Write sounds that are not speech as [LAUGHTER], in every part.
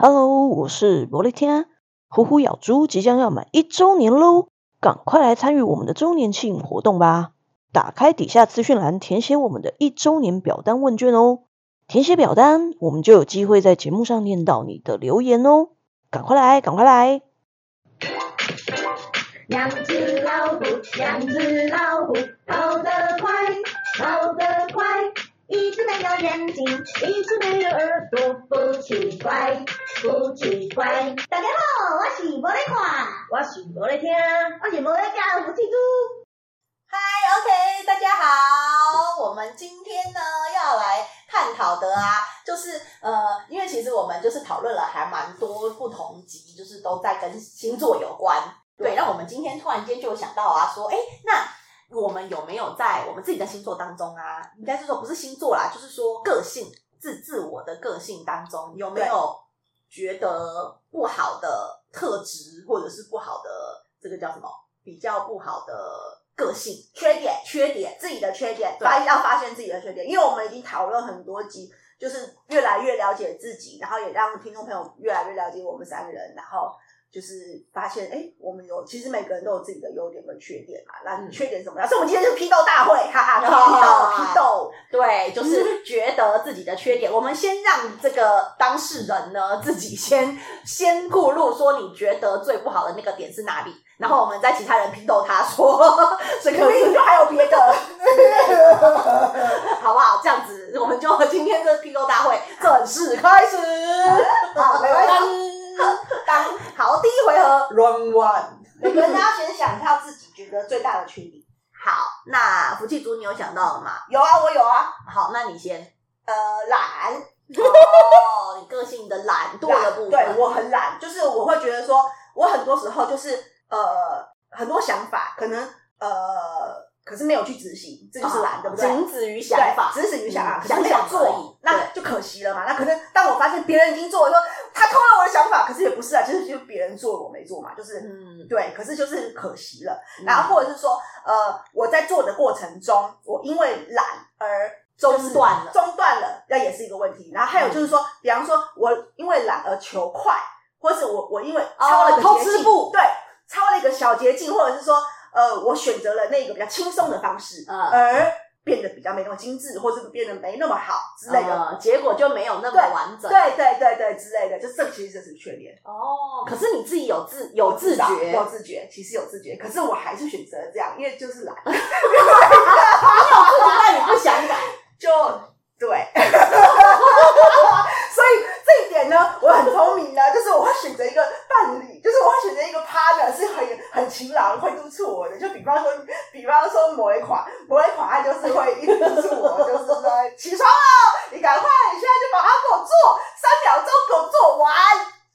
Hello，我是玻璃天，虎虎咬豬即將要滿一周年嘍，趕快來參與我們的周年慶活動吧！打開底下資訊欄，填寫我們的一周年表單問卷哦。填寫表單，我們就有機會在節目上念到你的留言哦。趕快來，趕快來！兩隻老虎，兩隻老虎，跑得快，跑得快。一隻沒有眼睛，一隻沒有耳朵，不奇怪。不奇怪。大家好，我是無在看，我是無在聽，我是無在聽吳啟珠。Hi，OK，大家好。我們今天呢要來探討的啊，就是呃，因為其實我們就是討論了還蠻多不同集，就是都在跟星座有關。對，對，那我們今天突然間就想到啊，說，誒、欸、那我們有沒有在我們自己的星座當中啊？應該是說不是星座啦，就是說個性，自自我的個性當中有沒有？覺得不好的特質，或者是不好的，這個叫什麼？比較不好的個性、缺點、缺點自己的缺點，對。發要發現自己的缺點，因為我們已經討論很多集，就是越來越了解自己，然後也讓聽眾朋友越來越了解我們三個人，然後。就是發現，哎、欸，我們有其實每個人都有自己的優點跟缺點嘛、啊。那你缺點怎麼樣、啊？所以我們今天就是批鬥大會，哈哈，哦、批鬥批鬥，對，就是覺得自己的缺點。嗯、我們先讓這個當事人呢，自己先先透露說你覺得最不好的那個點是哪裡，然後我們再其他人批鬥他說，可能 [LAUGHS] 就還有別的， [LAUGHS] [LAUGHS] 好不好？這樣子我們就今天這個批鬥大會正式開始， [LAUGHS] 好，沒關係。 [LAUGHS] Run one，們 [LAUGHS] 先想一下自己覺得最大的缺點。好，那福氣族，你有想到了嗎？有啊，我有啊。好，那你先。呃，懶。哦、oh, [LAUGHS] 你個性的懶惰的部分。懶，對我很懶，就是我會覺得說，我很多時候就是呃，很多想法，可能呃，可是沒有去執行，這就是懶、啊，對不對？僅止於想法，止、止於想法，想做而已，那就可惜了嘛。那可是當我發現別人已經做了，說。他偷了我的想法，可是也不是啊，就是就別人做我沒做嘛，就是、嗯，對，可是就是可惜了、嗯。然後或者是說，呃，我在做的過程中，我因為懶而中斷了、就是、了，中斷了，那也是一個問題。然後還有就是說，嗯、比方說我因為懶而求快，或是我我因為抄了個、哦、對，抄了一個小捷徑、嗯，或者是說，呃，我選擇了那個比較輕鬆的方式，嗯、而。變得比較沒那麼精緻，或是變得沒那麼好之類的、呃，結果就沒有那麼完整。對對對對，對之類的，就這其實這是缺點哦。可是你自己有自、嗯、有自覺，有自覺，自覺，其實有自覺。可是我還是選擇這樣，因為就是懶， [LAUGHS] [LAUGHS] 你有自覺但你不想改 [LAUGHS] 就對。 [LAUGHS] [LAUGHS] 所以這一點呢，我很聰明的、啊，就是我會選擇一個。 [MUSIC] 我選擇一個 partner 是很很勤勞、會督促我的。就比方說，比方說某一款某一款，他就是會督促我， [LAUGHS] 就是說起床了，你趕快，你現在就把它給我做，三秒鐘給我做完。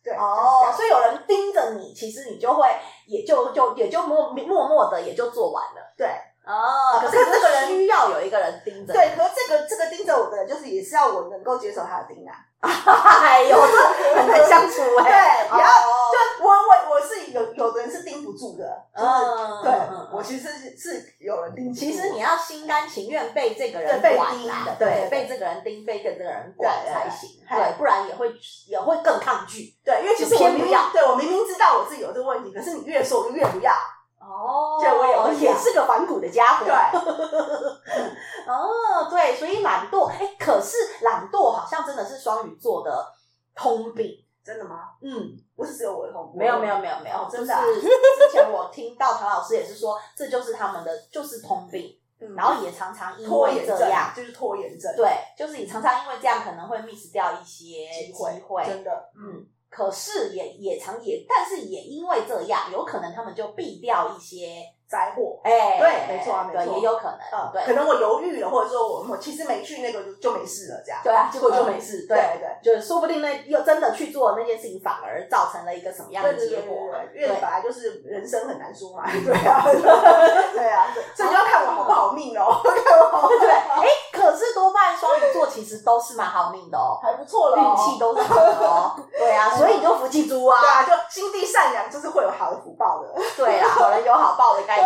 對哦、就是，所以有人盯着你，其實你就會也就就，也就就也就默默默的也就做完了。對哦，可那對，可是這個人需要有一個人盯着。對，可是這個這個盯着我的，就是也是要我能夠接受他的盯啊。 [LAUGHS] 哎呦，很難相處哎。 [LAUGHS] 對個、就是，嗯，對嗯，我其實是有人盯，其實你要心甘情願被這個人管的、啊，對，啊、對，對，對，對，被這個人盯，被跟這個人管才行，對，對對對，不然也會也會更抗拒，對，因為其實我不要，對，我明明知道我自己有這個問題，可是你越說越不要，哦，就我也是個反骨的傢伙，對， [LAUGHS] [LAUGHS] 哦，對，所以懶惰，哎、欸，可是懶惰好像真的是雙魚座的通病，真的嗎？嗯。不是只有我有，沒有沒有沒有沒有，真的。就是、之前我聽到唐老師也是說， [LAUGHS] 這就是他們的就是通病、嗯，然後也常常因為這樣拖延就是拖延症，對，就是你常常因為這樣可能會 miss 掉一些機會，真的，嗯。可是也也常也，但是也因為這樣，有可能他們就避掉一些。災禍，哎，哎，哎、對，沒錯、啊，沒錯，也有可能，嗯，對，可能我猶豫了，或者說我我其實沒去那個就沒事了，這樣，對啊，結果就沒事，嗯、對，對對對，就是說不定那又真的去做的那件事情，反而造成了一個什麼樣的結果？因為本來就是人生很難說嘛，對，對啊，對，對啊對，所以就要看我好不好命哦、喔。看我好命，對，哎、欸，可是多半雙魚座其實都是蠻好命的哦、喔，還不錯了，運氣都是好的、喔，好的喔嗯、對啊，所以你就福氣豬、喔、啊，就心地善良就是會有好的福報的，對啊，有人有好報的概念。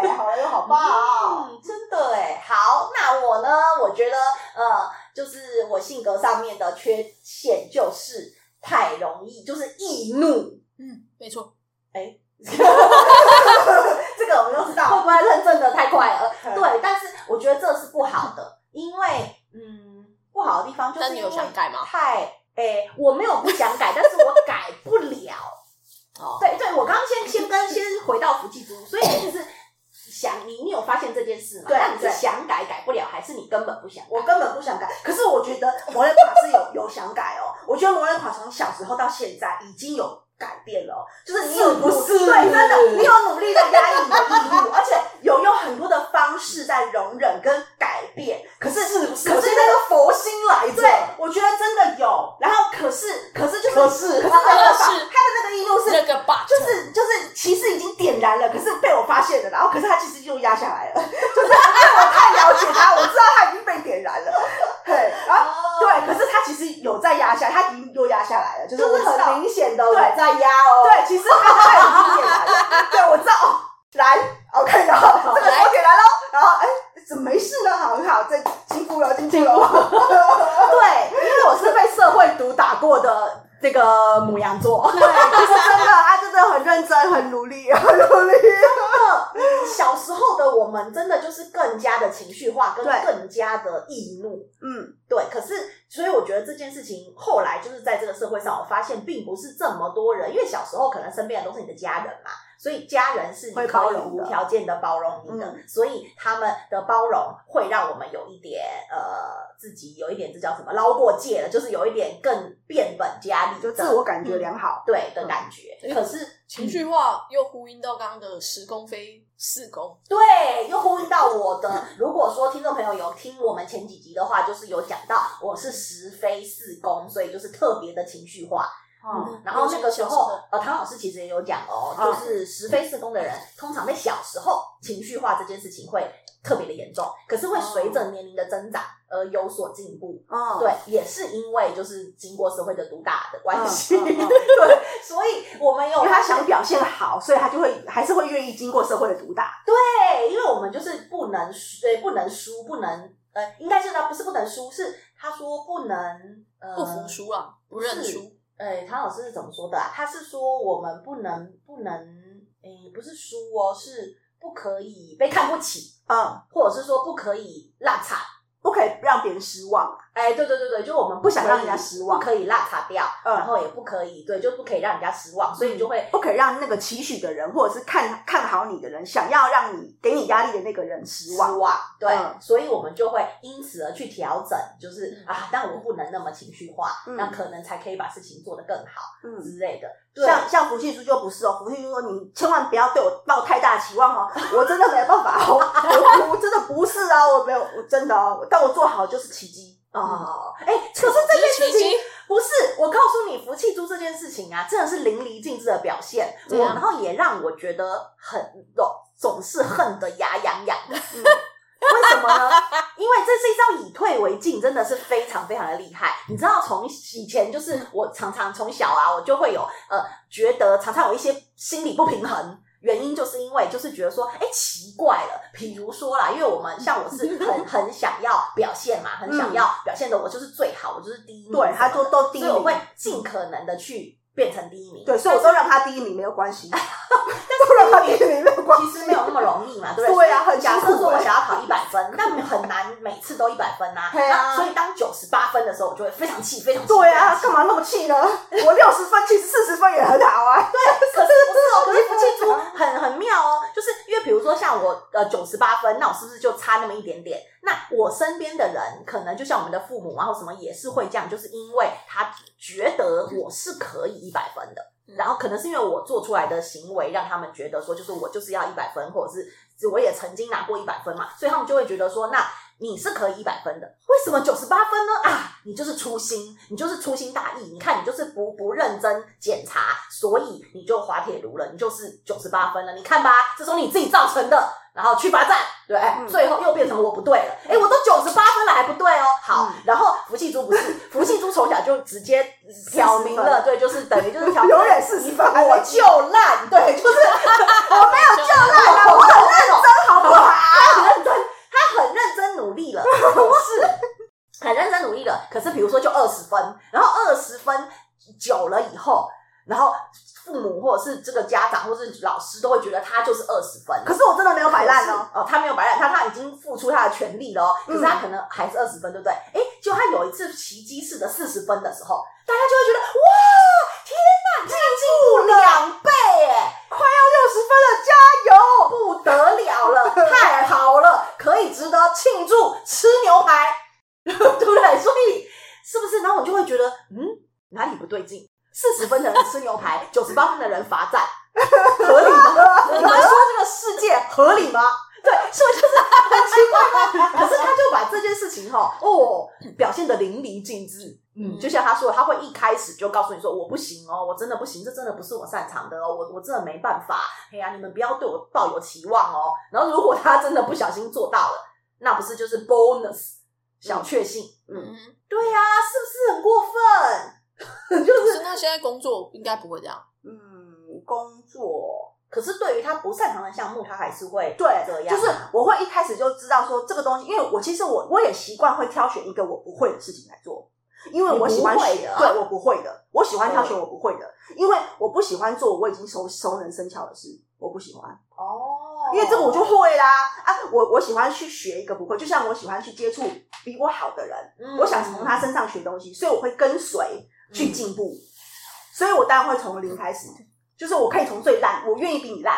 對，好了又好棒、哦，嗯，真的哎、欸，好，那我呢？我覺得呃，就是我性格上面的缺陷就是太容易，就是易怒，嗯，沒錯，哎、欸， [LAUGHS] [LAUGHS] 這個我們都知道，會不會認真的太快了？ [LAUGHS] 對，但是我覺得這是不好的，因為嗯，不好的地方就是你有想改嗎？太，哎、欸，我沒有不想改， [LAUGHS] 但是我改不了，哦，對，對，我剛先先跟先回到福氣豬，所以。 [LAUGHS] 想你，你有發現這件事嗎？對，那你是想改改不了，還是你根本不想？我根本不想改。可是我覺得摩恩卡是有 [LAUGHS] 有想改哦。我覺得摩恩卡從小時候到現在已經有改變了哦，就是你有，有是，不是？對，真的，你有努力在壓抑你的憤怒，而且有用很多的方式在容忍跟。可是，是不是？可是那個佛心來着。對，我覺得真的有。然後，可是，可是，可是，可是那個他的那個意思，是就是就是，就是、其實已經點燃了，可是被我發現了。然後，可是他其實又壓下來了， [LAUGHS] 就是因為我太了解他， [LAUGHS] 我知道他已經被點燃了。對， [LAUGHS] 然後、oh. 對，可是他其實有在壓下來，他已經又壓下來了， [LAUGHS] 就是很明顯的 [LAUGHS] 對在壓哦。對，其實他他已經點燃了， [LAUGHS] 對，我知道。來，我看到。下，來。Okay, 哦 [LAUGHS] 這個牡羊座 [LAUGHS] 對，就是真的，他真的很認真、很努力、很努力。 [LAUGHS] 小時候的我們，真的就是更加的情緒化，跟更加的易怒。嗯，對。可是，所以我覺得這件事情後來就是在這個社會上，我發現並不是這麼多人，因為小時候可能身邊的都是你的家人嘛。所以家人是你包容，會包容無條件的包容你的、嗯，所以他們的包容會讓我們有一點呃，自己有一點這叫什麼撈過界了，就是有一點更變本加厲，就自我感覺良好、嗯、對的感覺。嗯、可是情緒化又呼應到剛剛的十宮飛四宮、嗯，對，又呼應到我的。如果說聽眾朋友有聽我們前幾集的話，就是有講到我是十飛四宮，所以就是特別的情緒化。哦、嗯嗯嗯，然後那個時候時，呃，唐老師其實也有講哦，就是十飛四宮的人，通常在小時候情緒化這件事情會特別的嚴重，可是會隨着年齡的增長而有所進步。哦、嗯，對，也是因為就是經過社會的毒打的關係，對、嗯，嗯嗯、 [LAUGHS] 所以我們有因為他想表現好，所以他就會還是會願意經過社會的毒打。對，因為我們就是不能輸，不能輸，不能呃，應該是呢，不是不能輸，是他說不能呃，不服輸啊，不認輸。誒、欸，唐老師是怎麼說的啊？他是說我們不能不能，誒、欸，不是輸哦，是不可以被看不起啊、嗯，或者是說不可以落漆，不可以讓別人失望、啊哎、欸，對對對對，就我們不，不想讓人家失望，不可以落差掉，嗯，然後也不可以，對，就不可以讓人家失望，嗯，所以你就會不可以讓那個期許的人，或者是看看好你的人，想要讓你給你壓力的那個人失望。失望對，嗯，所以我們就會因此而去調整，就是啊，但我不能那麼情緒化，那，嗯，可能才可以把事情做得更好，嗯，之類的。對像像福氣書就不是哦，福氣書說你千萬不要對我抱太大的期望哦，我真的沒辦法， [LAUGHS] 我我真的不是哦，啊，我沒有，我真的哦，但我做好就是奇蹟。哦，哎、嗯欸，可是這件事情其其不是我告訴你，福氣豬這件事情啊，真的是淋漓盡致的表現，嗯。然後也讓我覺得很總總是恨得牙癢癢的。嗯、 [LAUGHS] 為什麼呢？因為這是一招以退為進，真的是非常非常的厲害。你知道，從以前就是我常常從小啊，我就會有呃，覺得常常有一些心理不平衡。原因就是因為就是覺得說，哎、欸，奇怪了。比如說啦，因為我們像我是很 [LAUGHS] 很，很想要表現嘛，很想要表現的，我就是最好，我就是第一，對、嗯、他就都都第一名。所以我會儘可能的去變成第一名，對，所以我都讓他第一名沒有關係，都讓他第一名沒有關係，其實沒有那麼容易嘛，對不對？對啊，很假設說我想要考一百分，那 [LAUGHS] 很難每次都一百分啊， [LAUGHS] 對啊。所以當九十八分的時候，我就會非常氣，非常氣，對啊，幹嘛那麼氣呢？ [LAUGHS] 我六十分其實四十分也很好啊，對。 [LAUGHS] 可是不是哦， [LAUGHS] 可是不記住很很妙哦，就是因為比如說像我呃九十八分，那我是不是就差那麼一點點？那我身邊的人可能就像我們的父母、啊，然後什麼也是會這樣，就是因為他覺得我是可以一百分的、嗯，然後可能是因為我做出來的行為讓他們覺得說，就是我就是要一百分，或者是我也曾經拿過一百分嘛，所以他們就會覺得說，那你是可以一百分的，為什麼九十八分呢？啊，你就是粗心，你就是粗心大意，你看你就是不不認真檢查，所以你就滑鐵盧了，你就是九十八分了。你看吧，這是你自己造成的，然後去罰站。對、嗯，最後又變成我不對了。誒、欸、我都九十八分了還不對哦。好，嗯、然後福氣豬不是福氣豬，從小就直接挑明了， [LAUGHS] 對，就是等於就是挑明了永遠是四十分，我就爛， [LAUGHS] 對，就是 [LAUGHS] 我沒有就爛，我很認真，好不好？ [LAUGHS] 他很認真，他很認真努力了，不 [LAUGHS] 是很認真努力了，可是比如說就二十分，然後二十分久了以後。然後父母或者是這個家長或者是老師都會覺得他就是二十分，可是我真的沒有擺爛哦哦。他沒有擺爛，他他已經付出他的全力了、哦嗯。可是他可能還是二十分，對不對？哎，結果他有一次奇蹟似的四十分的時候，大家就會覺得哇，天哪，進步兩倍耶，快要六十分了，加油，不得了了， [LAUGHS] 太好了，可以值得慶祝，吃牛排，對不對？所以是不是？然後我就會覺得嗯，哪裡不對勁？四十分的人吃牛排，九十八分的人罰站， [LAUGHS] 合理嗎？ [LAUGHS] 你們說這個世界合理嗎？ [LAUGHS] 對，是不是很奇怪嗎？ [LAUGHS] 可是他就把這件事情哈哦，哦表現得淋漓盡致，嗯，就像他說，他會一開始就告訴你說我不行哦，我真的不行，這真的不是我擅長的哦，我我真的沒辦法，哎呀、啊，你們不要對我抱有期望哦。然後如果他真的不小心做到了，那不是就是 bonus 小確幸？嗯，嗯對呀、啊，是不是很過分？ [LAUGHS] 就是那現在工作應該不會這樣。嗯，工作。可是對於他不擅長的項目，他還是會。對，就是我會一開始就知道說這個東西，因為我其實我我也習慣會挑選一個我不會的事情來做，因為我喜歡學，啊、對，我不會的，我喜歡挑選我不會的，因為我不喜歡做我已經熟熟能生巧的事，我不喜歡哦，因為這個我就會啦。啊，我我喜歡去學一個不會，就像我喜歡去接觸比我好的人，嗯、我想從他身上學東西，所以我會跟隨去進步，所以我當然會從零開始，就是我可以從最爛，我願意比你爛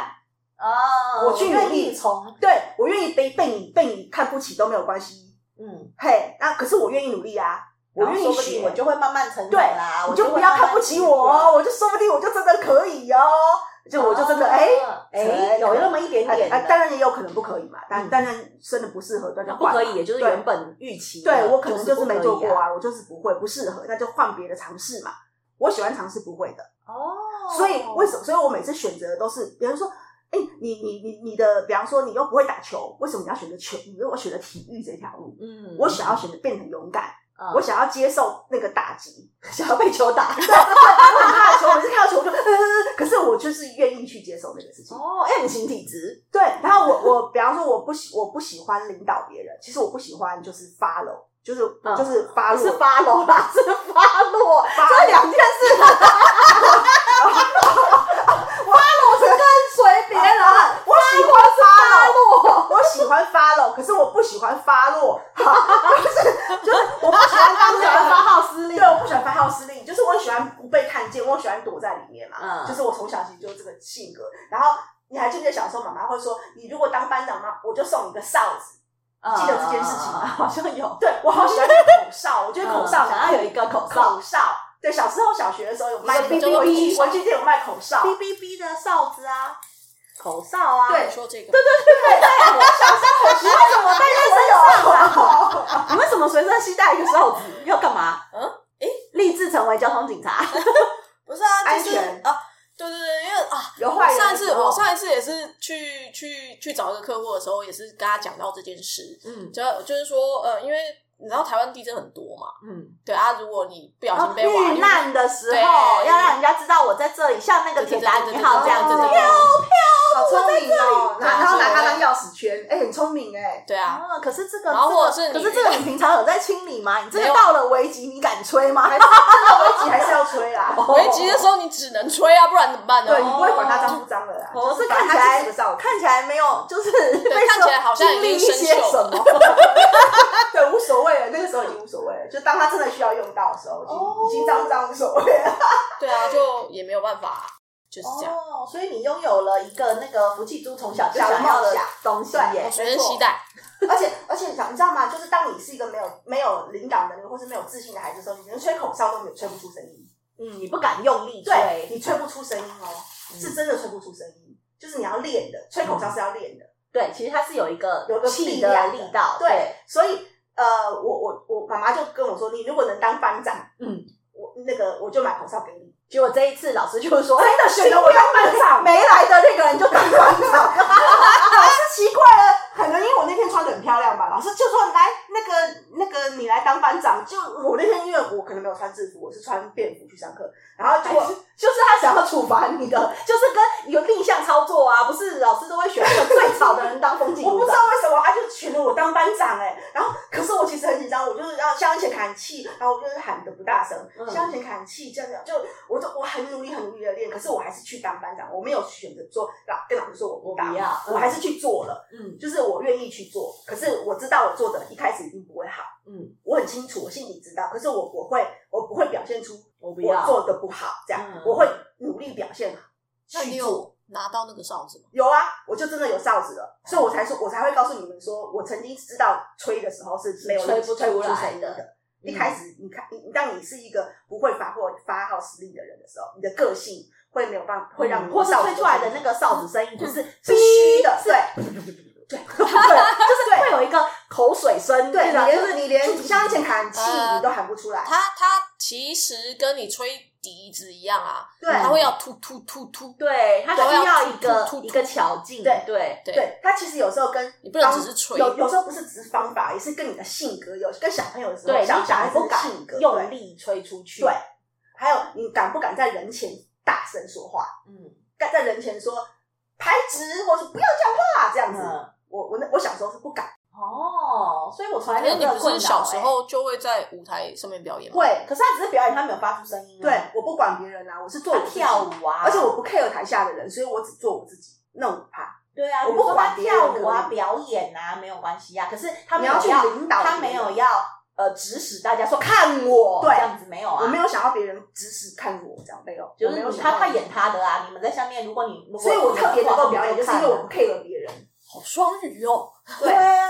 哦，我去努力從，對我願意被被你被你看不起都沒有關係，嗯，嘿、hey, 啊，那可是我願意努力啊，我願意努力我就會慢慢成長啦，我慢慢成長啦對，我就不要看不起我，喔慢慢，我就說不定我就真的可以哦、喔。就我就真的哎哎、欸嗯、有那麼一點點，當然、嗯呃、也有可能不可以嘛，但、嗯、但是真的不適合，那就不可以，也就是原本預期對、就是啊。對，我可能就是沒做過啊，就是、啊我就是不會，不適合，那就換別的嘗試嘛。我喜歡嘗試不會的哦，所以為什麼？所以我每次選擇的都是，比如說，哎、欸，你你你你的，比方說你又不會打球，為什麼你要選擇球？因為我選擇體育這條路嗯，嗯，我想要選擇變得很勇敢、嗯，我想要接受那個打擊，想要被球打，我很怕球，我每次看到球我就。可是我就是願意去接受那個事情。哦，M 型體質。對，然後我我，比方說我不喜我不喜歡領導別人，其實我不喜歡就是 follow，就是、嗯、就是、follow 是 follow，是 follow 啦，是 follow， [LAUGHS] 這兩件事。follow 是跟隨別人，我喜歡。喜歡發落，可是我不喜歡發落。 [LAUGHS] [LAUGHS] 就是，就是我不喜歡發號施令 [LAUGHS] 對。對，我不喜歡發號施令， [LAUGHS] 就是我喜歡不被看見，我喜歡躲在裡面嘛。嗯，就是我從小就就這個性格。然後你還記不記得小時候，媽媽會說：“你如果當班長嘛，我就送你個哨子。嗯”記得這件事情嗎？嗯、好像有。對，我好喜歡的口哨，我覺得口哨。然、嗯、後有一個口哨，口哨。口哨。對，小時候小學的時候有賣的 b b 文具店有賣口哨，bbb 的哨子啊，口哨啊。對，說這個對。對對對對對。 [LAUGHS] 隨身攜帶一個哨子，要幹嘛？嗯，誒、欸，立志成為交通警察、嗯？不是啊， [LAUGHS] 安全是啊！對對對，因為啊，有壞人。上一次我上一次也是去去去找一個客戶的時候，也是跟他講到這件事。嗯，就就是說，呃，因為你知道台灣地震很多嘛，嗯，對啊，如果你不小心被、啊、遇難的時候，要讓人家知道我在這裡，像那個鐵達尼號這樣子，飄飄。好聰明哦，然後拿它當鑰匙圈，誒、欸、很聰明誒、欸、對啊,啊。可是這個是，可是這個你平常有在清理嗎？你這個到了危急，你敢吹嗎？啊還這個、危急還是要吹啦、啊， [LAUGHS] 危急的時候你只能吹啊，不然怎麼辦呢？對，你不會管它髒不髒的啦。哦。 [LAUGHS] 是看起來 [LAUGHS] 看起來沒有，就是看起來好像已經生鏽了。 [LAUGHS] [LAUGHS] 對，無所謂了。那個時候已經無所謂了，就當它真的需要用到的時候，oh, 已經已經髒髒無所謂了。 [LAUGHS] 對啊，就也沒有辦法、啊。就是、這樣哦，所以你擁有了一個那個福氣珠小，從小就想要的東西，的東西，對。沒錯， [LAUGHS] 而且而且，你知道嗎？就是當你是一個沒有沒有領導能力或是沒有自信的孩子的時候，你連吹口哨都沒有吹不出聲音，嗯，你不敢用力吹，對你吹不出聲音哦、喔，是真的吹不出聲音、嗯，就是你要練的，吹口哨是要練的。對、嗯，其實它是有一個有個氣的力道，對，對所以呃，我我我媽媽就跟我說，你如果能當班長，嗯，我那個我就買口哨給你。結果這一次老師就是說：“哎，真的選了我當班長，沒來的那個人就當班長。 [LAUGHS] ”老師奇怪了，可能因為我那天穿得很漂亮吧。老師就說：“來，那個那個，你來當班長。”就我那天因為我可能沒有穿制服，我是穿便服去上課。然後就、 [LAUGHS] 就是就是他想要處罰你的，就是跟有逆向操作啊，不是老師都會選那個最吵的人當風紀。 [LAUGHS] 我不知道為什麼他就選了我當班長、欸，哎。向前看齊，然後我就是喊的不大聲。向前看齊，這樣，這樣就，就，我就我很努力、很努力的練，可是我還是去當班長，我沒有選擇做老，對老師說我不當我不，我還是去做了。嗯，就是我願意去做，可是我知道我做的，一開始一定不會好。嗯，我很清楚，我心裡知道，可是我我會，我不會表現出我做的不好，不這樣我會努力表現去做。拿到那個哨子嗎？有啊，我就真的有哨子了，哦、所以我才說，我才會告訴你們說，說我曾經知道吹的時候是沒有吹不吹不出聲音的,吹不出聲音的、嗯。一開始，你看，你當你是一個不會發或發號施令的人的時候，你的個性會沒有辦法，會讓你吹出來的那個哨子聲音就是、嗯、是虛的是，對， [LAUGHS] [LAUGHS] 對，就是對 [LAUGHS] 會有一個。口水聲，對，是你連就是你連向前喊氣、呃，你都喊不出來。他他其實跟你吹笛子一樣啊，對，他、嗯、會要突突突突，對，他需要，要一個吐吐吐吐一個巧勁，對對對。他其實有時候跟你不能只是吹，有有時候不是只是方法，也是跟你的性格有，跟小朋友的時候對，小孩的性格，用力吹出去，對。對對還有你敢不敢在人前大聲說話？嗯，敢在人前說排直，或是不要講話這樣子。嗯、我我我小時候是不敢。哦，所以我從來都沒有這個困擾。欸、你不是小時候就會在舞台上面表演嗎？會。可是他只是表演，他沒有發出聲音啊。對，我不管別人啊，我是做跳舞啊，而且我不 care 台下的人，所以我只做我自己，那我怕。對啊，我不管他跳，舞啊，他跳舞啊、表演啊，演啊沒有關係啊。可是他沒有去領導，他沒有要呃指使大家說，看我，對，這樣子沒有啊。我沒有想要別人指使看我這樣，沒有。就是他怕演他的啊，你們在下面，如果你，如果你所以我特別能夠表演，就是因為我不 care 別人。好雙魚哦，對。對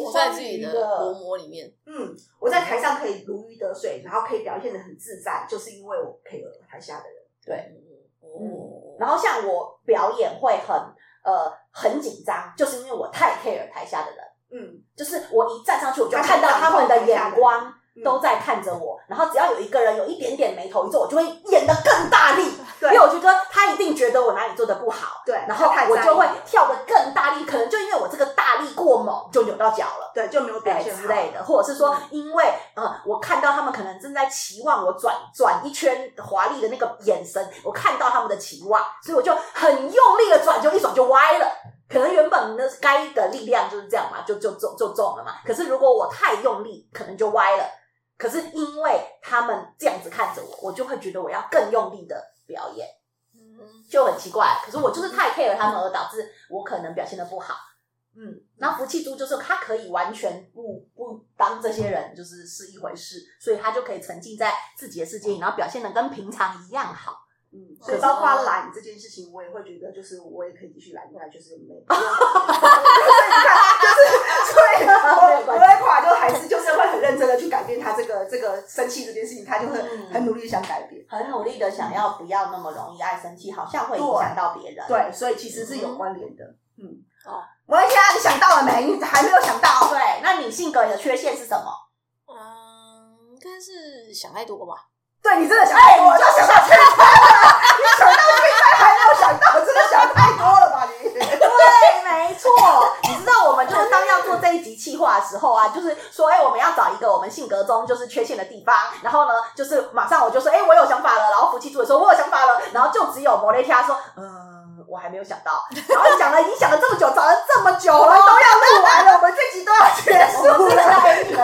我在自己的薄膜裡面。嗯，我在台上可以如魚得水，然後可以表現得很自在，就是因為我 care 台下的人。對，嗯，嗯嗯，然後像我表演會很呃很緊張，就是因為我太 care 台下的人。嗯，就是我一站上去，我就看到他們的眼光都在看着我，然後只要有一個人有一點點眉頭一皺，我就會演得更大力。對，因為我覺得他一定覺得我哪裡做得不好，對，然後我就會跳得更大力，可能就因為我這個大力過猛，就扭到腳了，對，就沒有對之類的，或者是說，因為、嗯、呃，我看到他們可能正在期望我轉轉一圈華麗的那個眼神，我看到他們的期望，所以我就很用力的轉，就一轉就歪了。可能原本的該的力量就是這樣嘛，就就，就中就中了嘛。可是如果我太用力，可能就歪了。可是因為他們這樣子看着我，我就會覺得我要更用力的。表演，就很奇怪。可是我就是太 care 他們，而導致我可能表現的不好。嗯，那福氣珠就是他可以完全不不當這些人，就是是一回事，所以他就可以沉浸在自己的世界裡，然後表現的跟平常一樣好。嗯，所以包括懶這件事情，我也會覺得，就是我也可以繼續懶，因為就是沒， [LAUGHS] 所以你看，就是 [LAUGHS] 所以我 [LAUGHS] 我，我我一就還是就是會很認真的去改變他這個 [LAUGHS] 這個生氣這件事情，他就會很、嗯、很努力想改變，很努力的想要不要那麼容易、嗯、愛生氣，好像會影響到別人。對，所以其實是有關聯的。嗯，我、嗯嗯、啊，你想到了沒？還沒有想到。對，那你性格的缺陷是什麼？嗯，應該是想太多吧。對，你真的想，哎、欸就是，我就想到缺陷。 [LAUGHS] 想到現在還沒有想到，真的想太多了吧？你 [LAUGHS] 對，沒錯。 [COUGHS] 你知道我們就是當要做這一集企劃的時候啊，就是說，哎、欸，我們要找一個我們性格中就是缺陷的地方，然後呢，就是馬上我就說，哎、欸，我有想法了，然後福氣住也說，我有想法了，然後就只有莫雷塔說，嗯，我還沒有想到。 [LAUGHS] 然後想了已經想了這麼久，找了這麼久了， [LAUGHS] 都要錄完了， [LAUGHS] 我們這集都要結束了，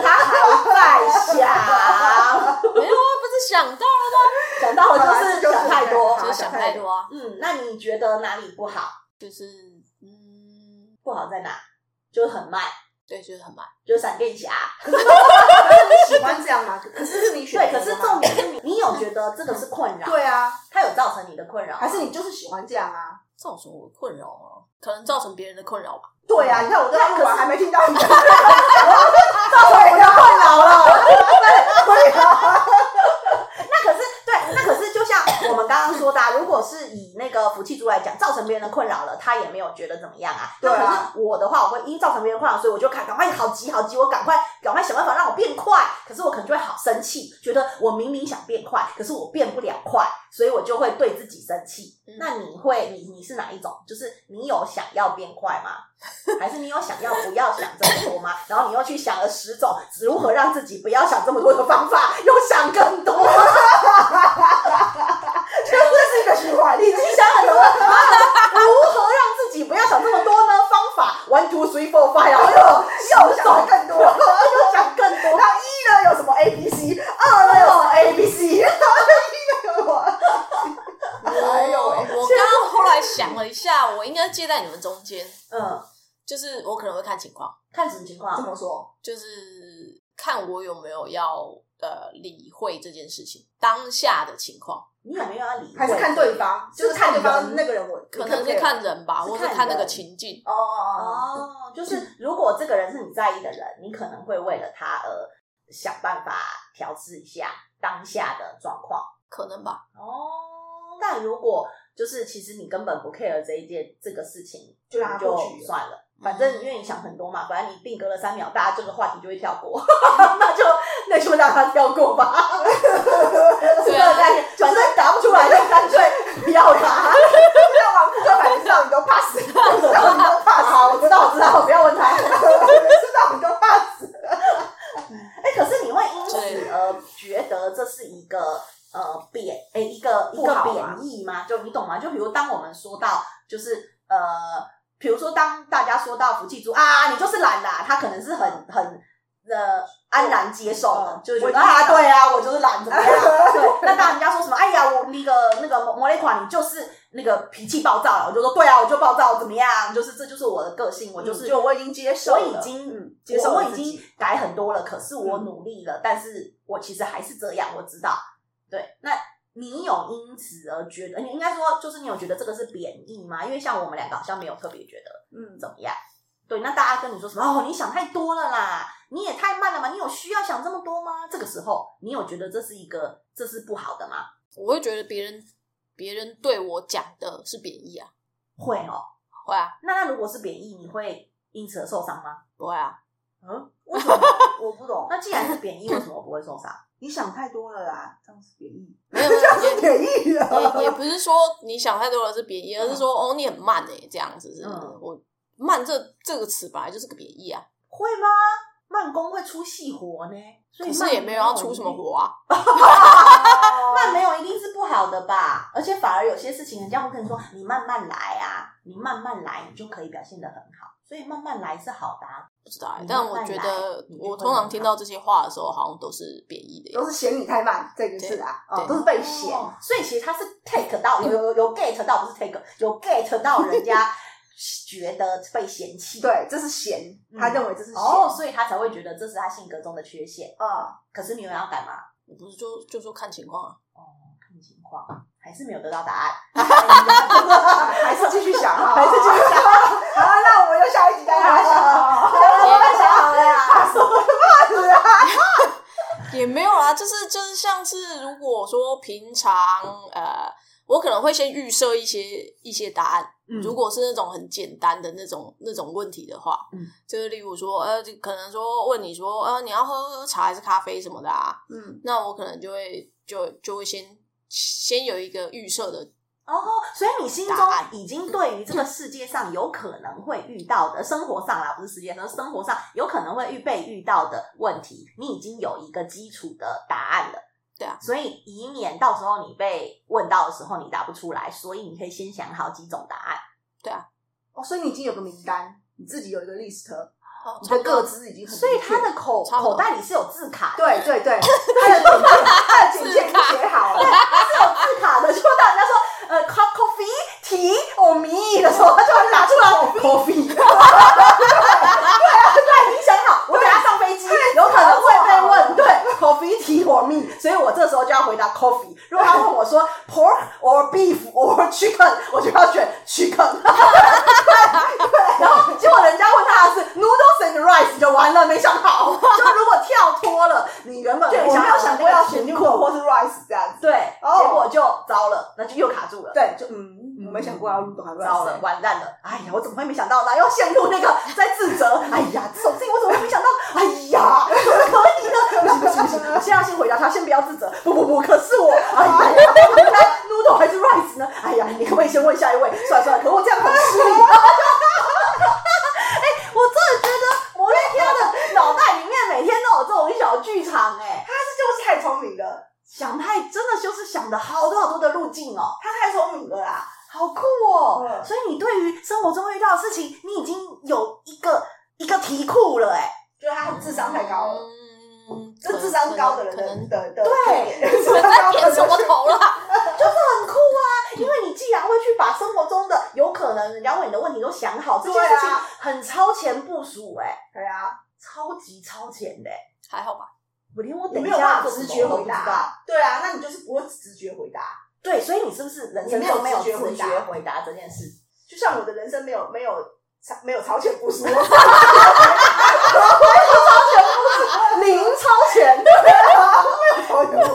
他 [LAUGHS] 還在想。哎， [LAUGHS] [LAUGHS] 我不是想到了嗎？想到我就是想太多，就是想太多，啊想太多，嗯。嗯，那你覺得哪裡不好？就是嗯，不好在哪？就是很慢，對，就是很慢，就是閃電俠。 [LAUGHS] 是你喜歡這樣嗎？就是、樣嗎，可是，可是，是你選。對，可是重點是你， [COUGHS] 你有覺得這個是困擾？對啊，它有造成你的困擾，還是你就是喜歡這樣啊？造成我的困擾啊？可能造成別人的困擾吧。對啊，嗯、你看我這段錄完還沒聽到你， [LAUGHS] [LAUGHS] 造成我的困擾了，困擾。 [LAUGHS] 他說：“的、啊，如果是以。”那個福氣豬來講，造成別人的困擾了，他也沒有覺得怎麼樣啊。對啊，我的話，我會因造成別人困擾，所以我就看趕快好急好急，我趕快趕快想辦法讓我變快。可是我可能就會好生氣，覺得我明明想變快，可是我變不了快，所以我就會對自己生氣。嗯。那你會，你你是哪一種？就是你有想要變快嗎？還是你有想要不要想這麼多嗎？ [LAUGHS] 然後你又去想了十種如何讓自己不要想這麼多的方法，又想更多，真 [LAUGHS] [LAUGHS] 的是一個循環例想很多， [LAUGHS] 如何讓自己不要想那麼多呢？方法 one two three four five，然後又，又想更多，然後又想更多。然 [LAUGHS] 後一呢有什麼？a b c。二呢有 a b c。 [LAUGHS] [LAUGHS] [LAUGHS] 一呢有什麼？哎有我剛剛後來想了一下，我應該介在你們中間。嗯，就是我可能會看情況，看什麼情況？這麼說，就是看我有沒有要。呃，理會這件事情當下的情況，你有沒有要理會？還是看對方，對就是看，是看方對方那個人，我可能是看人吧看人，或是看那個情境哦哦、嗯，就是如果這個人是你在意的人，嗯、你可能會為了他而、呃、想辦法調適一下當下的狀況，可能吧哦。但如果就是其實你根本不 care 這一件這個事情，你就就算了。反正你願意想很多嘛，反正你定格了三秒，大家這個話題就會跳過， [LAUGHS] 那就那就讓他跳過吧。 [LAUGHS] 對、啊的，反正答不出來就乾脆 [LAUGHS] 不要他打。不 [LAUGHS] 要往不正知道你都怕死，知道你都怕他。我知道，我知道，我不要問他， [LAUGHS] 知道你都怕死。哎、欸，可是你會因此而覺得這是一個呃貶哎、欸、一個一個貶義嗎？義嗎就你懂嗎？就比如當我們說到就是呃。比如說，當大家說到福氣豬啊，你就是懶啦，他可能是很很呃安然接受了，就覺得我啊，對啊，我就是懶怎麼樣 [LAUGHS] 對，那當人家說什麼，哎呀，我個那個那個摩雷款，你就是那個脾氣暴躁了，我就說，對啊，我就暴躁怎麼樣？就是這就是我的個性、嗯，我就是，就我已經接受了，我已經、嗯、接受了，我，我已經改很多了，可是我努力了、嗯，但是我其實還是這樣，我知道，對，那。你有因此而覺得，你應該說就是你有覺得這個是貶義嗎？因為像我們兩個好像沒有特別覺得嗯怎麼樣，嗯。對，那大家跟你說什麼？哦，你想太多了啦！你也太慢了嘛？你有需要想這麼多嗎？這個時候你有覺得這是一個這是不好的嗎？我會覺得別人別人對我講的是貶義啊，會哦，會啊。那那如果是貶義，你會因此而受傷嗎？不會啊。嗯？為什麼？ [LAUGHS] 我不懂。那既然是貶義，為 [LAUGHS] 什麼不會受傷？你想太多了啦，這樣是貶義。沒有， [LAUGHS] 這樣是貶義。也也不是說你想太多了是貶義，而是說、嗯、哦，你很慢誒、欸、這樣子是。嗯。我慢這這個詞本來就是個貶義啊。會嗎？慢工會出細活呢，所以可是也沒有要出什麼活啊。 [LAUGHS] 慢沒有一定是不好的吧？而且反而有些事情，人家會跟你說：“你慢慢來啊，你慢慢來，你就可以表現得很好。”所以慢慢來是好的、啊，不知道、欸慢慢。但我覺得，我通常聽到這些話的時候，慢慢好像都是貶義的，都是嫌你太慢，這個是啊，哦對，都是被嫌、哦。所以其實他是 take 到有有有 get 到，不是 take，有 get 到人家覺得被嫌棄，對， [LAUGHS] 這是嫌，他認為這是嫌、嗯、哦，所以他才會覺得這是他性格中的缺陷啊、嗯。可是你有要改嗎？我不是就就說看情況啊？情況還是沒有得到答案， [LAUGHS] [LAUGHS] 還是繼續想 [LAUGHS] 繼續 [LAUGHS] 啊，還是繼續想。好，那我們就下一集再來想啊。也想呀，什麼怕死啊？也沒有啊，就是就是像是如果說平常呃，我可能會先預設一些一些答案、嗯。如果是那種很簡單的那種那種問題的話，嗯，就是、例如說呃，可能說問你說呃，你要喝，喝茶還是咖啡什麼的啊？嗯，那我可能就會就就會先。先有一個預設的哦，所以你心中已經對於這個世界上有可能會遇到的生活上啦，不是世界上，生活上有可能會預備遇到的問題，你已經有一個基礎的答案了。對啊，所以以免到時候你被問到的時候，你答不出來，所以你可以先想好幾種答案。對啊，哦，所以你已經有個名單，你自己有一個 list。你的個子已經很，所以他的口口袋裡是有字卡，對對對， [LAUGHS] 對對對對 [LAUGHS] 他的警戒，他的警戒已經寫好了，對，是有字卡的，就說到人家說呃，coffee c o tea or me 的時候，他就拿出來，coffee，對對對，影響。對對 [LAUGHS] 有可能會被問，對，coffee, tea or me，所以我這時候就要回答 coffee。如果他問我說 pork or beef or chicken，我就要選 chicken。 [LAUGHS] [LAUGHS] 對，對，然後結果人家問他的是 noodles and rice，就完了，沒想好。 [LAUGHS] 就如果跳脫了， [LAUGHS] 你原本對沒想，我沒有想過要選 noodles 或是 rice 這樣子，對，oh, 結果就糟了，那就又卡住了。對，就嗯。 [NOISE] 我沒想過要還的，糟了，完蛋了！哎呀，我怎麼會沒想到呢？要陷入那個在自責。哎呀，這種事情我怎麼會沒想到？哎呀，怎麼可以呢？不行不行不行，我現在要先回答他，先不要自責。不不不，可是我……哎呀，我 [LAUGHS] 們哪該 noodle [LAUGHS] 還是 rice 呢？哎呀，你可不可以先問下一位。算了算了，可我這樣。超級超前的、欸，還好吧？我連我等一下我沒有辦法直覺回答，對啊，那你就是不會直覺回答，對，所以你是不是人生都沒，沒有直覺回答這件事？就像我的人生沒有沒有超沒有超前部署，沒 [LAUGHS] 有超前部署，零超前，對吧？ [LAUGHS] 沒有超前部署，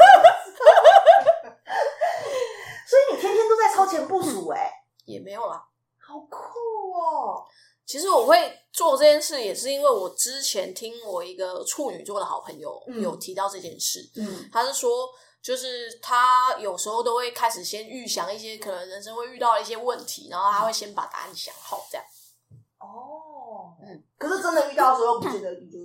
所以你天天都在超前部署、欸、哎、嗯，也沒有了、啊，好酷哦、喔！其實我會。做這件事也是因為我之前聽我一個處女座的好朋友有提到這件事，嗯嗯、他是說，就是他有時候都會開始先預想一些可能人生會遇到一些問題，然後他會先把答案想好，這樣。哦，嗯，可是真的遇到的時候不記得，得。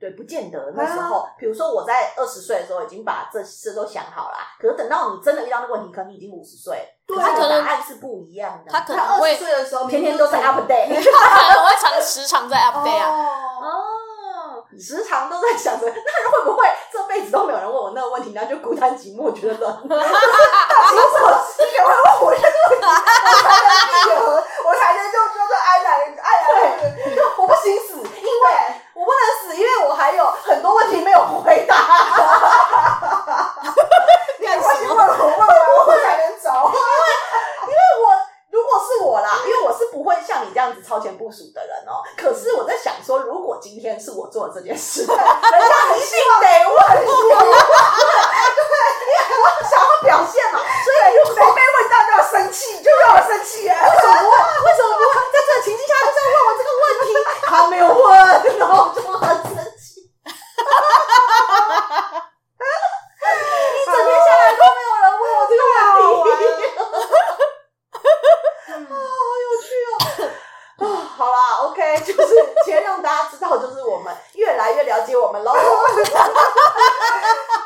對，不見得。那時候，比、哎、如說我在二十歲的時候已經把這事都想好了，啊，可是等到你真的遇到那個問題，可能你已經五十歲，對，可我答案是不一樣的。他可能二十歲的時候天天都在 update，e 我會常時常在 update，、啊、 [LAUGHS] 哦，哦你時常都在想着，那人會不會這輩子都沒有人問我那個問題，然後就孤單寂寞，覺得冷，寂寞死掉了，我這個。這件事。OK，就是先讓大家知道，就是我們越來越了解我們嘍。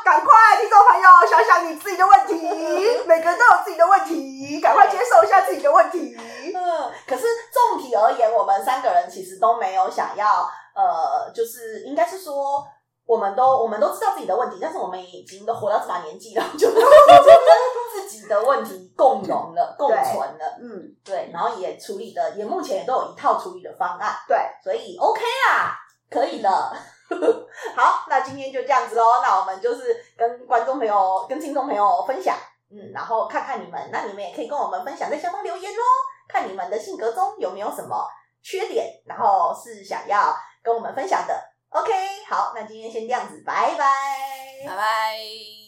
趕 [LAUGHS] [LAUGHS] 快，聽眾朋友，想想你自己的問題，每個人都有自己的問題，趕快接受一下自己的問題。嗯、okay.，可是總體而言，我們三個人其實都沒有想要，呃，就是應該是說，我們都我們都知道自己的問題，但是我們已經都活到這把年紀了，就。 [LAUGHS] [LAUGHS] 自己的問題共融了、共存了，嗯，對，然後也處理的，也目前也都有一套處理的方案，對，所以 OK 啦、啊，可以的可以了。 [LAUGHS] 好，那今天就這樣子嘍，那我們就是跟觀眾朋友、跟聽眾朋友分享，嗯，然後看看你們，那你們也可以跟我們分享，在下方留言哦，看你們的性格中有沒有什麼缺點，然後是想要跟我們分享的。OK，好，那今天先這樣子，拜拜，拜拜。